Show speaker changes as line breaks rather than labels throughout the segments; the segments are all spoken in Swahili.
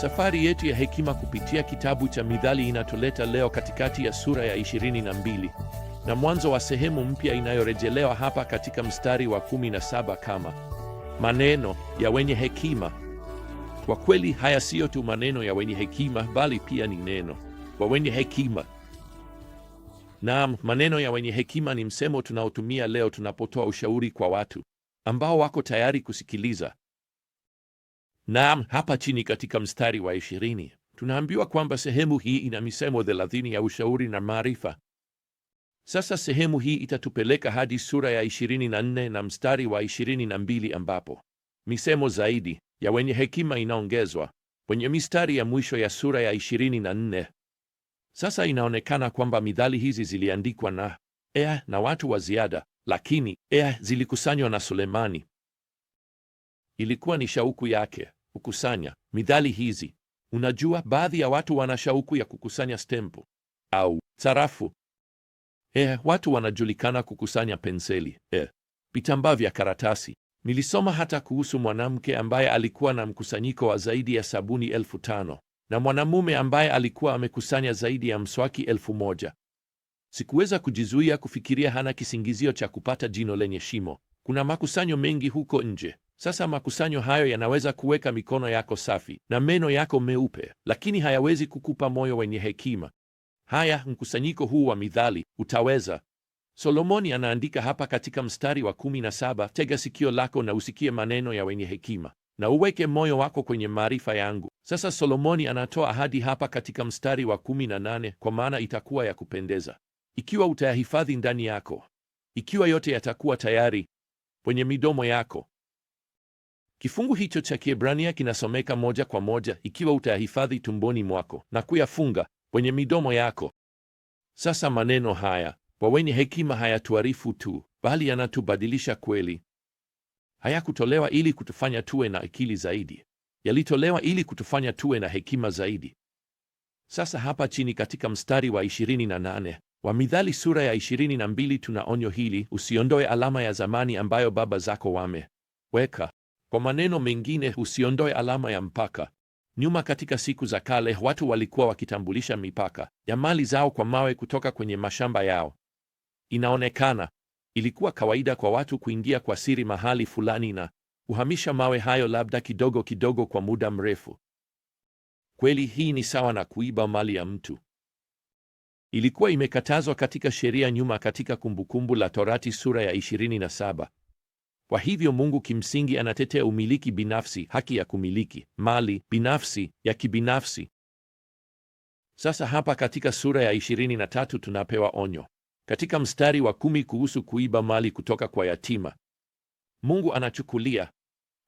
Safari yetu ya hekima kupitia kitabu cha Mithali inatuleta leo katikati ya sura ya 22 na mwanzo wa sehemu mpya inayorejelewa hapa katika mstari wa 17 kama maneno ya wenye hekima. Kwa kweli haya siyo tu maneno ya wenye hekima, bali pia ni neno kwa wenye hekima. Naam, maneno ya wenye hekima ni msemo tunaotumia leo tunapotoa ushauri kwa watu ambao wako tayari kusikiliza Naam, hapa chini katika mstari wa ishirini tunaambiwa kwamba sehemu hii ina misemo thelathini ya ushauri na maarifa. Sasa sehemu hii itatupeleka hadi sura ya ishirini na na mstari wa ishirini na mbili ambapo misemo zaidi ya wenye hekima inaongezwa kwenye mistari ya mwisho ya sura ya na nne. Sasa inaonekana kwamba midhali hizi ziliandikwa na ea na watu wa ziada, lakini ea zilikusanywa na Sulemani. Ilikuwa ni shauku yake kukusanya midhali hizi. Unajua, baadhi ya watu wana shauku ya kukusanya stempu au sarafu. Eh, watu wanajulikana kukusanya penseli, eh, vitambaa vya karatasi. Nilisoma hata kuhusu mwanamke ambaye alikuwa na mkusanyiko wa zaidi ya sabuni elfu tano na mwanamume ambaye alikuwa amekusanya zaidi ya mswaki elfu moja. Sikuweza kujizuia kufikiria hana kisingizio cha kupata jino lenye shimo. Kuna makusanyo mengi huko nje. Sasa makusanyo hayo yanaweza kuweka mikono yako safi na meno yako meupe, lakini hayawezi kukupa moyo wenye hekima. Haya, mkusanyiko huu wa midhali utaweza. Solomoni anaandika hapa katika mstari wa kumi na saba, tega sikio lako na usikie maneno ya wenye hekima na uweke moyo wako kwenye maarifa yangu. Sasa Solomoni anatoa ahadi hapa katika mstari wa kumi na nane, kwa maana itakuwa ya kupendeza ikiwa utayahifadhi ndani yako, ikiwa yote yatakuwa tayari kwenye midomo yako. Kifungu hicho cha Kiebrania kinasomeka moja kwa moja, ikiwa utayahifadhi tumboni mwako na kuyafunga kwenye midomo yako. Sasa maneno haya kwa wenye hekima hayatuarifu tu, bali yanatubadilisha kweli. Hayakutolewa ili kutufanya tuwe na akili zaidi, yalitolewa ili kutufanya tuwe na hekima zaidi. Sasa hapa chini katika mstari wa 28 wa Mithali sura ya 22 tuna onyo hili: usiondoe alama ya zamani ambayo baba zako wameweka. Kwa maneno mengine, usiondoe alama ya mpaka. Nyuma katika siku za kale, watu walikuwa wakitambulisha mipaka ya mali zao kwa mawe kutoka kwenye mashamba yao. Inaonekana ilikuwa kawaida kwa watu kuingia kwa siri mahali fulani na kuhamisha mawe hayo, labda kidogo kidogo, kwa muda mrefu. Kweli hii ni sawa na kuiba mali ya mtu. Ilikuwa imekatazwa katika sheria nyuma katika Kumbukumbu la Torati sura ya 27. Kwa hivyo Mungu kimsingi anatetea umiliki binafsi, haki ya kumiliki mali binafsi ya kibinafsi. Sasa hapa katika sura ya 23 tunapewa onyo katika mstari wa kumi kuhusu kuiba mali kutoka kwa yatima. Mungu anachukulia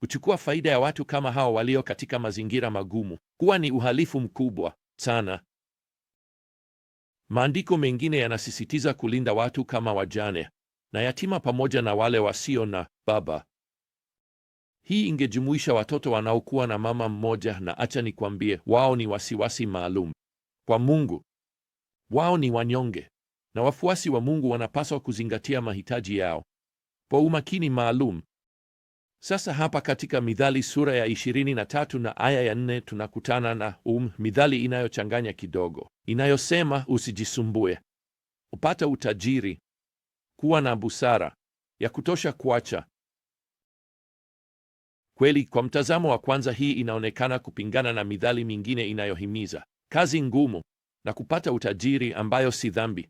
kuchukua faida ya watu kama hao walio katika mazingira magumu kuwa ni uhalifu mkubwa sana. Maandiko mengine yanasisitiza kulinda watu kama wajane na yatima pamoja na wale wasio na baba. Hii ingejumuisha watoto wanaokuwa na mama mmoja, na acha nikwambie, wao ni wasiwasi maalum kwa Mungu. Wao ni wanyonge, na wafuasi wa Mungu wanapaswa kuzingatia mahitaji yao kwa umakini maalum. Sasa hapa katika Mithali sura ya 23 na aya ya 4 tunakutana na um, mithali inayochanganya kidogo inayosema, usijisumbue upata utajiri, kuwa na busara ya kutosha kuacha Kweli, kwa mtazamo wa kwanza hii inaonekana kupingana na midhali mingine inayohimiza kazi ngumu na kupata utajiri ambayo si dhambi.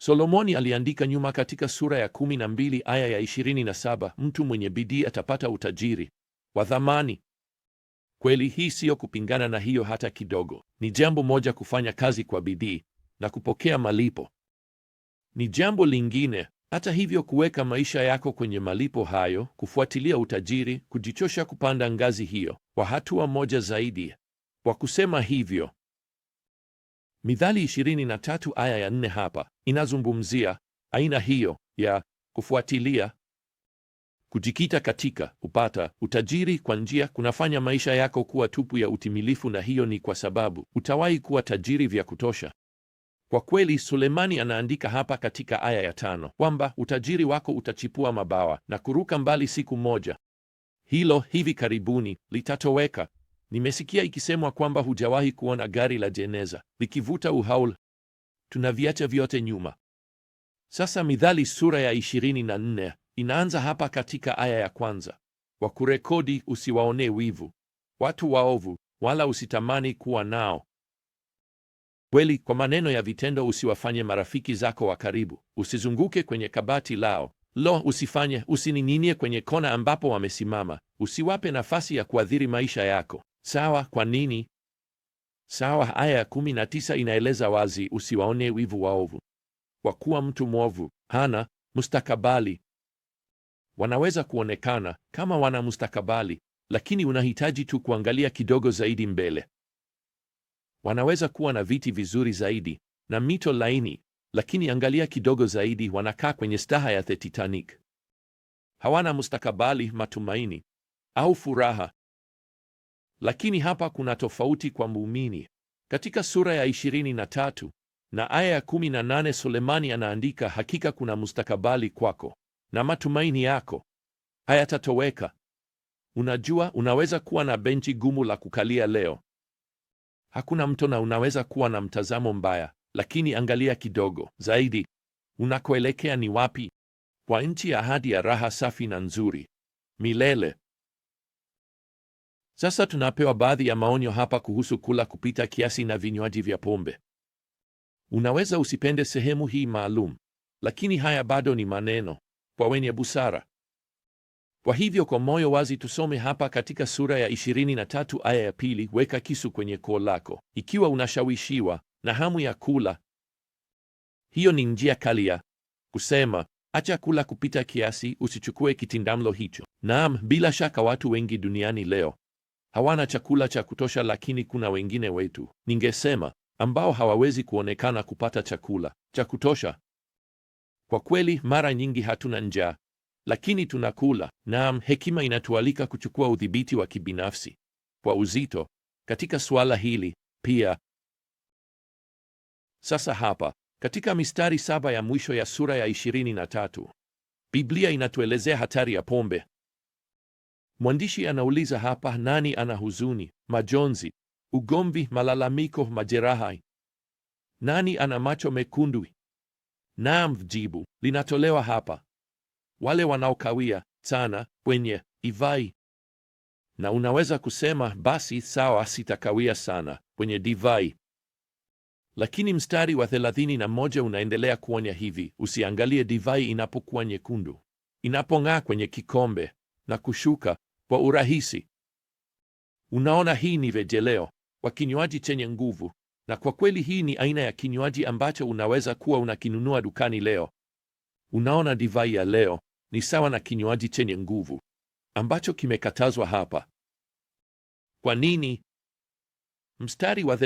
Solomoni aliandika nyuma katika sura ya 12 aya ya 27, mtu mwenye bidii atapata utajiri wa thamani. Kweli, hii siyo kupingana na hiyo hata kidogo. Ni jambo moja kufanya kazi kwa bidii na kupokea malipo, ni jambo lingine hata hivyo, kuweka maisha yako kwenye malipo hayo, kufuatilia utajiri, kujichosha kupanda ngazi hiyo kwa hatua moja zaidi. Kwa kusema hivyo, Mithali 23 aya ya 4 hapa inazungumzia aina hiyo ya kufuatilia kujikita katika kupata utajiri kwa njia kunafanya maisha yako kuwa tupu ya utimilifu, na hiyo ni kwa sababu utawahi kuwa tajiri vya kutosha. Kwa kweli Sulemani anaandika hapa katika aya ya tano kwamba utajiri wako utachipua mabawa na kuruka mbali siku moja. Hilo hivi karibuni litatoweka. Nimesikia ikisemwa kwamba hujawahi kuona gari la jeneza likivuta uhaul. Tunaviacha vyote nyuma. Sasa Mithali sura ya 24 inaanza hapa katika aya ya kwanza kwa kurekodi, usiwaonee wivu watu waovu, wala usitamani kuwa nao kweli. Kwa maneno ya vitendo, usiwafanye marafiki zako wa karibu, usizunguke kwenye kabati lao. Lo, usifanye usining'inie kwenye kona ambapo wamesimama, usiwape nafasi ya kuathiri maisha yako. Sawa? Kwa nini? Sawa. Aya ya 19 inaeleza wazi, usiwaone wivu waovu, kwa kuwa mtu mwovu hana mustakabali. Wanaweza kuonekana kama wana mustakabali, lakini unahitaji tu kuangalia kidogo zaidi mbele. Wanaweza kuwa na viti vizuri zaidi na mito laini, lakini angalia kidogo zaidi, wanakaa kwenye staha ya the Titanic. Hawana mustakabali, matumaini au furaha. Lakini hapa kuna tofauti kwa muumini. Katika sura ya 23 na aya ya 18, Sulemani anaandika, hakika kuna mustakabali kwako na matumaini yako hayatatoweka. Unajua, unaweza kuwa na benchi gumu la kukalia leo, hakuna mto na unaweza kuwa na mtazamo mbaya, lakini angalia kidogo zaidi unakoelekea ni wapi? Kwa nchi ya ahadi ya raha safi na nzuri milele. Sasa tunapewa baadhi ya maonyo hapa kuhusu kula kupita kiasi na vinywaji vya pombe. Unaweza usipende sehemu hii maalum, lakini haya bado ni maneno kwa wenye busara. Kwa hivyo kwa moyo wazi tusome hapa katika sura ya 23 aya ya pili, weka kisu kwenye koo lako ikiwa unashawishiwa na hamu ya kula. Hiyo ni njia kali ya kusema acha kula kupita kiasi, usichukue kitindamlo hicho. Naam, bila shaka watu wengi duniani leo hawana chakula cha kutosha, lakini kuna wengine wetu, ningesema, ambao hawawezi kuonekana kupata chakula cha kutosha. Kwa kweli, mara nyingi hatuna njaa lakini tunakula. Naam, hekima inatualika kuchukua udhibiti wa kibinafsi kwa uzito katika suala hili pia. Sasa hapa katika mistari saba ya mwisho ya sura ya tatu Biblia inatuelezea hatari ya pombe. Mwandishi anauliza hapa, nani ana huzuni, majonzi, ugomvi, malalamiko, majeraha? Nani ana macho mekundu? Naam, jibu linatolewa hapa wale wanaokawia sana kwenye divai. Na unaweza kusema basi, sawa, sitakawia sana kwenye divai. Lakini mstari wa thelathini na moja unaendelea kuonya hivi: usiangalie divai inapokuwa nyekundu, inapong'aa kwenye kikombe na kushuka kwa urahisi. Unaona, hii ni rejeleo kwa kinywaji chenye nguvu, na kwa kweli hii ni aina ya kinywaji ambacho unaweza kuwa unakinunua dukani leo. Unaona, divai ya leo ni sawa na kinywaji chenye nguvu ambacho kimekatazwa hapa. Kwa nini? Mstari wa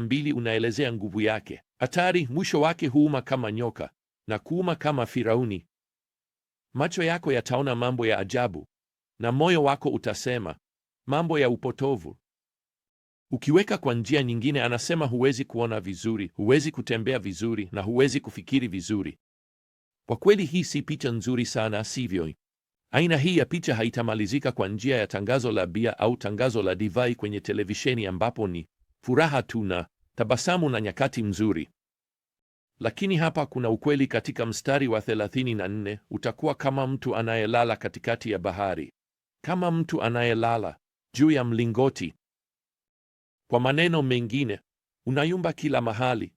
mbili unaelezea nguvu yake. Hatari, mwisho wake huuma kama nyoka na kuuma kama Firauni. Macho yako yataona mambo ya ajabu na moyo wako utasema mambo ya upotovu. Ukiweka kwa njia nyingine, anasema huwezi kuona vizuri, huwezi kutembea vizuri na huwezi kufikiri vizuri. Kwa kweli hii si picha nzuri sana, sivyo? Aina hii ya picha haitamalizika kwa njia ya tangazo la bia au tangazo la divai kwenye televisheni ambapo ni furaha tu na tabasamu na nyakati mzuri. Lakini hapa kuna ukweli katika mstari wa 34, utakuwa kama mtu anayelala katikati ya bahari, kama mtu anayelala juu ya mlingoti. Kwa maneno mengine, unayumba kila mahali,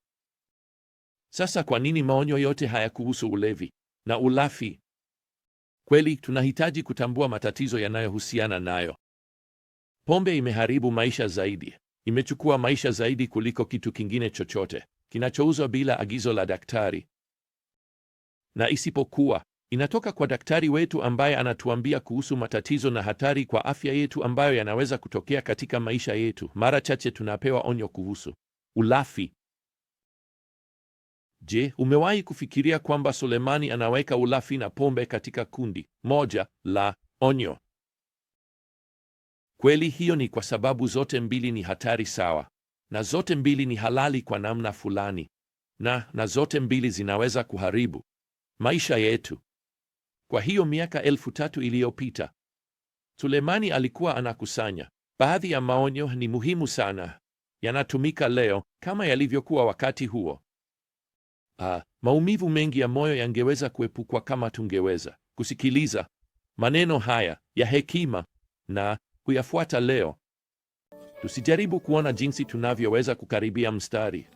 sasa kwa nini maonyo yote haya kuhusu ulevi na ulafi? Kweli tunahitaji kutambua matatizo yanayohusiana nayo. Pombe imeharibu maisha zaidi, imechukua maisha zaidi kuliko kitu kingine chochote kinachouzwa bila agizo la daktari, na isipokuwa inatoka kwa daktari wetu ambaye anatuambia kuhusu matatizo na hatari kwa afya yetu ambayo yanaweza kutokea katika maisha yetu. Mara chache tunapewa onyo kuhusu ulafi Je, umewahi kufikiria kwamba Sulemani anaweka ulafi na pombe katika kundi moja la onyo? Kweli hiyo ni kwa sababu zote mbili ni hatari sawa, na zote mbili ni halali kwa namna fulani, na na zote mbili zinaweza kuharibu maisha yetu. Kwa hiyo miaka elfu tatu iliyopita Sulemani alikuwa anakusanya baadhi ya maonyo. Ni muhimu sana, yanatumika leo kama yalivyokuwa wakati huo uh, maumivu mengi ya moyo yangeweza kuepukwa kama tungeweza kusikiliza maneno haya ya hekima na kuyafuata leo. Tusijaribu kuona jinsi tunavyoweza kukaribia mstari,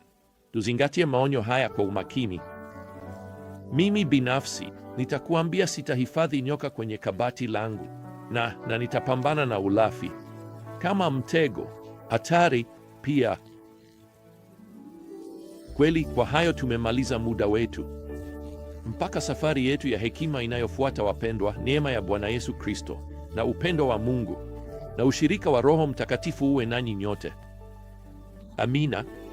tuzingatie maonyo haya kwa umakini. Mimi binafsi nitakuambia, sitahifadhi nyoka kwenye kabati langu na na nitapambana na ulafi kama mtego hatari pia kweli, kwa hayo tumemaliza muda wetu. Mpaka safari yetu ya hekima inayofuata, wapendwa, neema ya Bwana Yesu Kristo na upendo wa Mungu na ushirika wa Roho Mtakatifu uwe nanyi nyote. Amina.